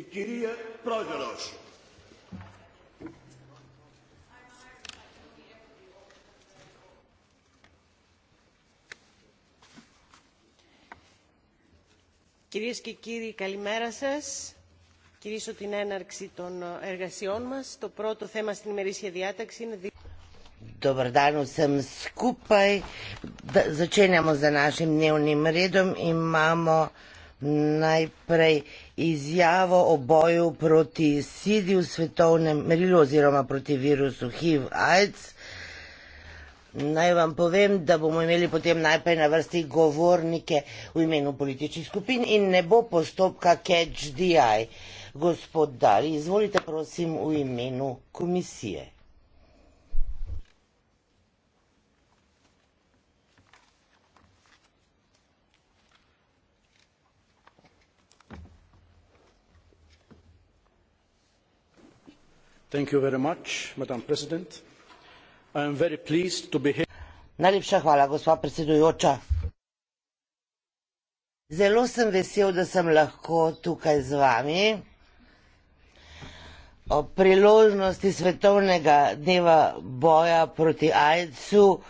Κυρία Πρόεδρος. Κυρίες και κύριοι, καλημέρα σας. Κυρίσω την έναρξη των εργασιών μας. Το πρώτο θέμα στην ημερήσια διάταξη είναι... Dobar dan sam skupaj. Da, začenjamo za našim dnevnim redom. Imamo uh, najprej izjavo o boju proti sidi v svetovnem merilu oziroma proti virusu HIV-AIDS. Naj vam povem, da bomo imeli potem najprej na vrsti govornike v imenu političnih skupin in ne bo postopka catch the eye. Gospod Dali, izvolite prosim v imenu komisije. Najlepša hvala, gospa predsedujoča. Zelo sem vesel, da sem lahko tukaj z vami. O priložnosti svetovnega dneva boja proti AIDS-u